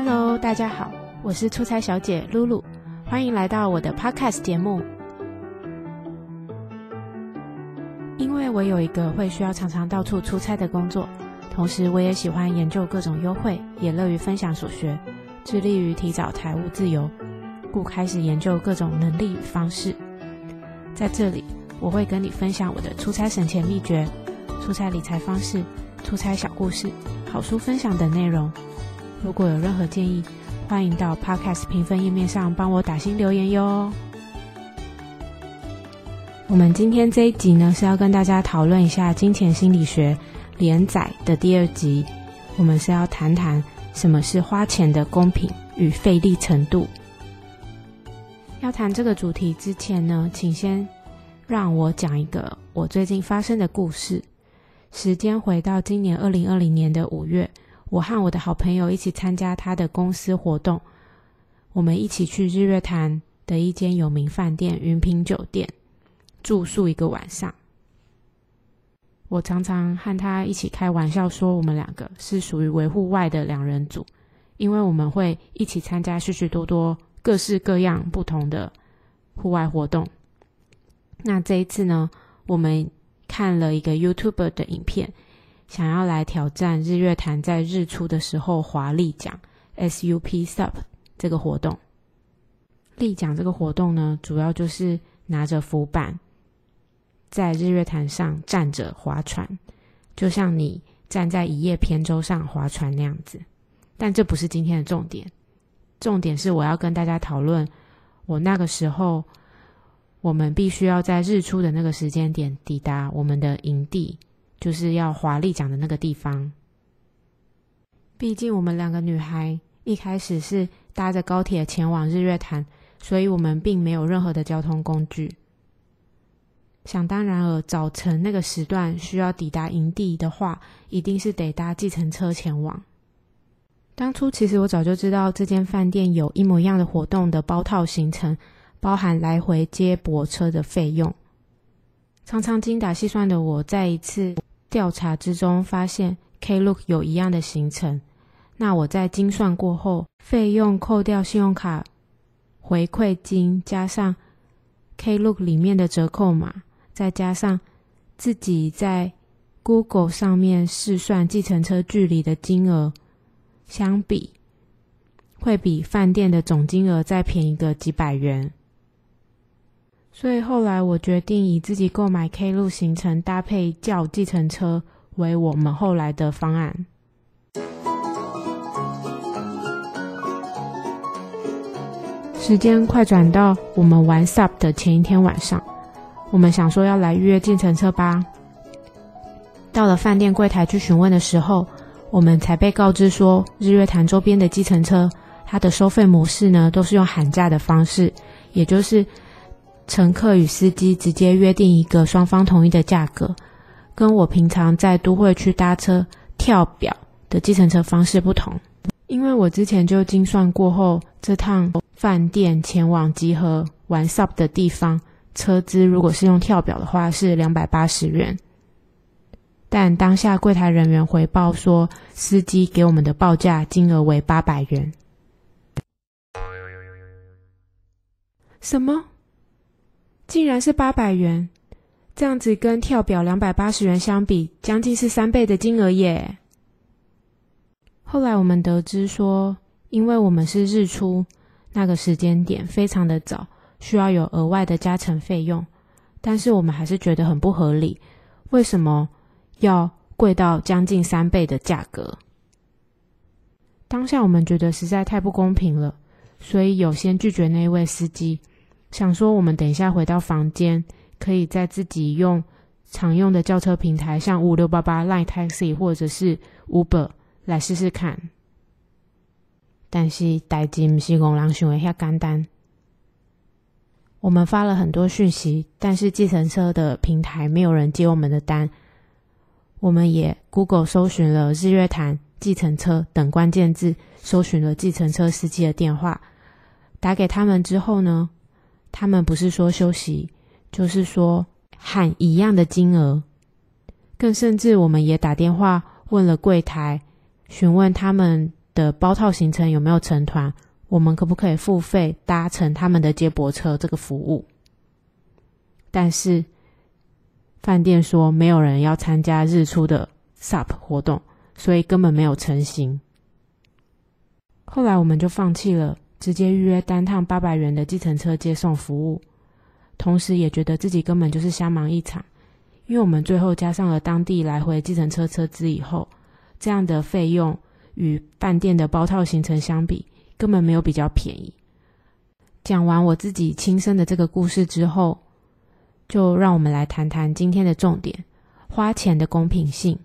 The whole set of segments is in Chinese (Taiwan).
Hello，大家好，我是出差小姐露露，歡迎來到我的 Podcast 節目。因為我有一個會需要常常到處出差的工作，同時我也喜歡研究各種優惠，也樂於分享所學，致力於提早財務自由，故開始研究各種能力與方式。在這裡，我會跟你分享我的出差省錢秘訣、出差理財方式、出差小故事、好書分享等內容。如果有任何建議，歡迎到 Podcast 評分頁面上幫我打星留言喲。我們今天這一集呢是要跟大家討論一下《金錢心理學》連載的第二集，我們是要談談什麼是花錢的公平與費力程度。要談這個主題之前呢，請先讓我講一個我最近發生的故事。時間回到今年二零二零年的五月。我和我的好朋友一起參加他的公司活動，我們一起去日月潭的一間有名飯店雲品酒店住宿一個晚上。我常常和他一起開玩笑說，我們兩個是屬於維護外的兩人組，因為我們會一起參加許許多多各式各樣不同的戶外活動。那這一次呢，我們看了一個 YouTube 的影片。想要來挑戰日月潭在日出的時候划立槳 S U P SUP 這個活動。立槳這個活動呢，主要就是拿着浮板在日月潭上站着划船，就像你站在一葉扁舟上划船那樣子。但這不是今天的重點，重點是我要跟大家討論我那個時候，我們必須要在日出的那個時間點抵達我們的營地。就是要華麗獎的那個地方。畢竟我們兩個女孩一開始是搭着高鐵前往日月潭，所以我們並沒有任何的交通工具。想當然爾，早晨那個時段需要抵達營地的話，一定是得搭計程車前往。當初其實我早就知道這間飯店有一模一樣的活動的包套行程，包含來回接駁車的費用。常常精打細算的我，再一次。調查之中發現，Klook 有一樣的行程。那我在精算過後，費用扣掉信用卡回饋金，加上 Klook 裡面的折扣碼，再加上自己在 Google 上面試算計程車距離的金額，相比會比飯店的總金額再便宜個幾百元。所以後來我決定以自己購買 K 路行程，搭配叫計程車為我們後來的方案。時間快轉到我們玩 SUP 的前一天晚上，我們想說要來預約計程車吧。到了飯店櫃檯去詢問的時候，我們才被告知說，日月潭周邊的計程車它的收費模式呢，都是用喊價的方式，也就是，乘客與司機直接約定一個雙方同意的價格，跟我平常在都會區搭車跳表的計程車方式不同。因為我之前就精算過後，這趟飯店前往集合玩 SUP 的地方車資，如果是用跳表的話是兩百八十元，但當下櫃檯人員回報說，司機給我們的報價金額為八百元。什麼？竟然是八百元，這樣子跟跳表兩百八十元相比，將近是三倍的金額耶。後來我們得知說，因為我們是日出，那個時間點非常的早，需要有額外的加成費用。但是我們還是覺得很不合理，為什麼要貴到將近三倍的價格？當下我們覺得實在太不公平了，所以有先拒絕那一位司機。想說，我們等一下回到房間，可以在自己用常用的叫車平台，像五六八八、Line Taxi 或者是 Uber 來試試看。但是，事情不是我們想的那麼簡單。我們發了很多訊息，但是計程車的平台沒有人接我們的單。我們也 Google 搜尋了日月潭計程車等關鍵字，搜尋了計程車司機的電話，打給他們之後呢？他們不是說休息，就是說喊一樣的金額，更甚至我們也打電話問了櫃檯，詢問他們的包套行程有沒有成團，我們可不可以付費搭乘他們的接駁車這個服務？但是飯店說沒有人要參加日出的 SUP 活動，所以根本沒有成行。後來我們就放棄了。直接預約單趟八百元的計程車接送服務，同時也覺得自己根本就是瞎忙一場，因為我們最後加上了當地來回計程車車資以後，這樣的費用與飯店的包套行程相比，根本沒有比較便宜。講完我自己親身的這個故事之後，就讓我們來談談今天的重點——花錢的公平性。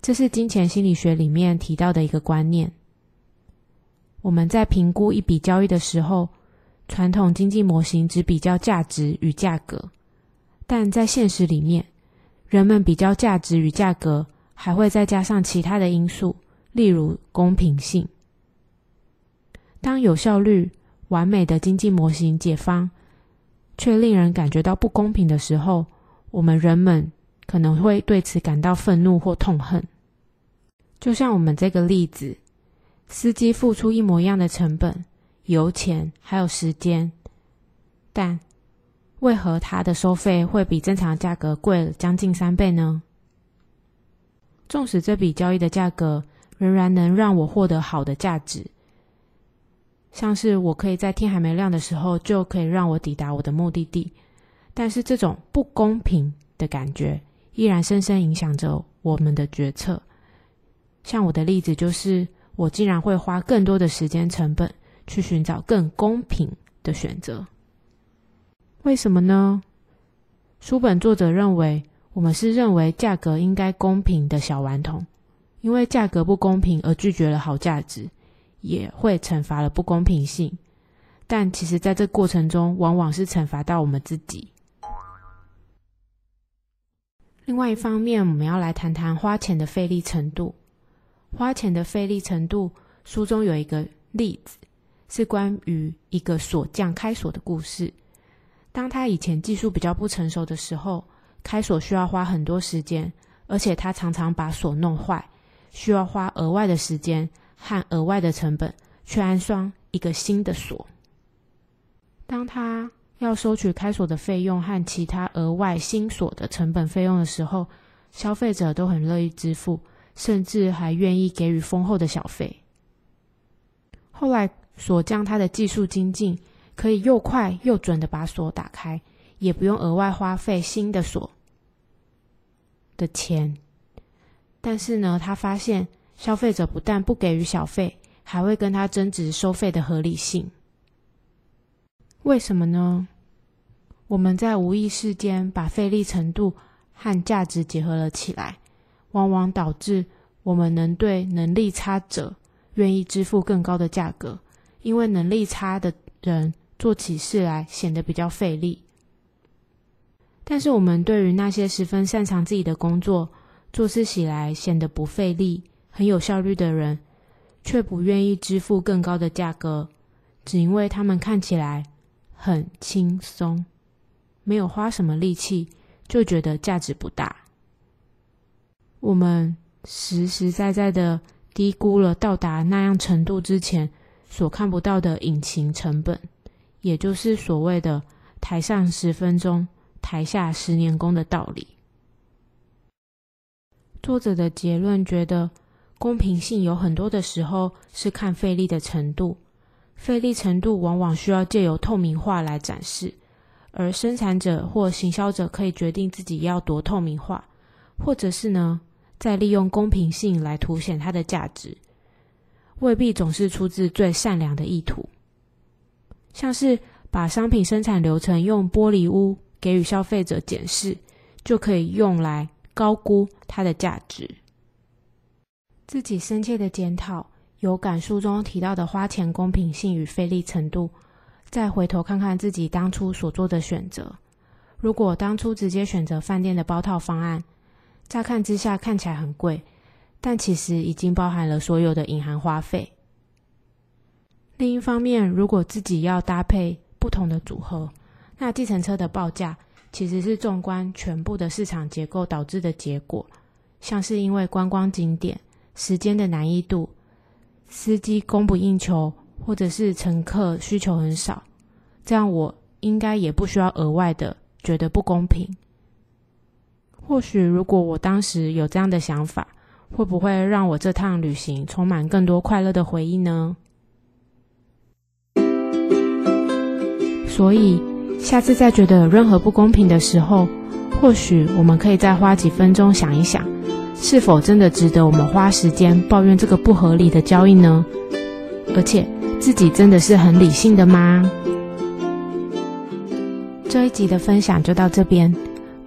這是金錢心理學裡面提到的一個觀念。我們在評估一筆交易的時候，傳統經濟模型只比較價值與價格，但在現實裡面，人們比較價值與價格，還會再加上其他的因素，例如公平性。當有效率、完美的經濟模型解方，卻令人感覺到不公平的時候，我們人們可能會對此感到憤怒或痛恨，就像我們這個例子。司機付出一模一樣的成本、油錢還有時間，但為何他的收費會比正常價格貴了將近三倍呢？縱使這筆交易的價格仍然能讓我獲得好的價值，像是我可以在天還沒亮的時候就可以讓我抵達我的目的地，但是這種不公平的感覺依然深深影響着我們的決策。像我的例子就是。我竟然會花更多的時間成本去尋找更公平的選擇，為什麼呢？書本作者認為，我們是認為價格應該公平的小頑童，因為價格不公平而拒絕了好價值，也會懲罰了不公平性。但其實，在這個過程中，往往是懲罰到我們自己。另外一方面，我們要來談談花錢的費力程度。花錢的費力程度，書中有一個例子，是關於一個鎖匠開鎖的故事。當他以前技術比較不成熟的時候，開鎖需要花很多時間，而且他常常把鎖弄壞，需要花額外的時間和額外的成本去安裝一個新的鎖。當他要收取開鎖的費用和其他額外新鎖的成本費用的時候，消費者都很樂意支付。甚至還願意給予豐厚的小費。後來，鎖匠他的技術精進，可以又快又準的把鎖打開，也不用額外花費新的鎖的錢。但是呢，他發現消費者不但不給予小費，還會跟他爭執收費的合理性。為什麼呢？我們在無意識間把費力程度和價值結合了起來。往往導致我們能對能力差者願意支付更高的價格，因為能力差的人做起事來顯得比較費力。但是，我們對於那些十分擅長自己的工作、做事起來顯得不費力、很有效率的人，卻不願意支付更高的價格，只因為他們看起來很輕鬆，沒有花什麼力氣，就覺得價值不大。我們實實在在的低估了到達那樣程度之前所看不到的隱形成本，也就是所謂的“台上十分鐘，台下十年功”的道理。作者的結論覺得，公平性有很多的時候是看費力的程度，費力程度往往需要借由透明化來展示，而生產者或行銷者可以決定自己要多透明化，或者是呢？再利用公平性來凸顯它的價值，未必總是出自最善良的意圖。像是把商品生產流程用玻璃屋給予消費者檢視，就可以用來高估它的價值。自己深切的檢討，有感書中提到的花錢公平性與費力程度，再回頭看看自己當初所做的選擇。如果當初直接選擇飯店的包套方案，乍看之下看起來很貴，但其實已經包含了所有的隱含花費。另一方面，如果自己要搭配不同的組合，那計程車的報價其實是縱觀全部的市場結構導致的結果，像是因為觀光景點時間的難易度、司機供不應求，或者是乘客需求很少，這樣我應該也不需要額外的覺得不公平。或許如果我當時有這樣的想法，會不會讓我這趟旅行充滿更多快樂的回憶呢？所以，下次再覺得有任何不公平的時候，或許我們可以再花幾分鐘想一想，是否真的值得我們花時間抱怨這個不合理的交易呢？而且，自己真的是很理性的嗎？這一集的分享就到這邊。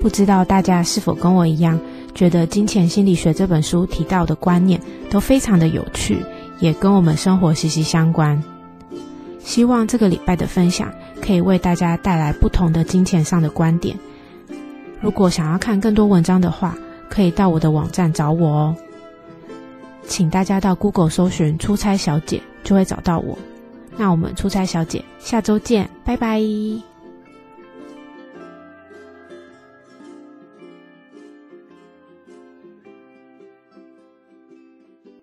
不知道大家是否跟我一樣，覺得《金錢心理學》這本書提到的觀念都非常的有趣，也跟我們生活息息相關。希望這個禮拜的分享可以為大家帶來不同的金錢上的觀點。如果想要看更多文章的話，可以到我的網站找我哦。請大家到 Google 搜尋“出差小姐”就會找到我。那我們出差小姐，下周見，拜拜。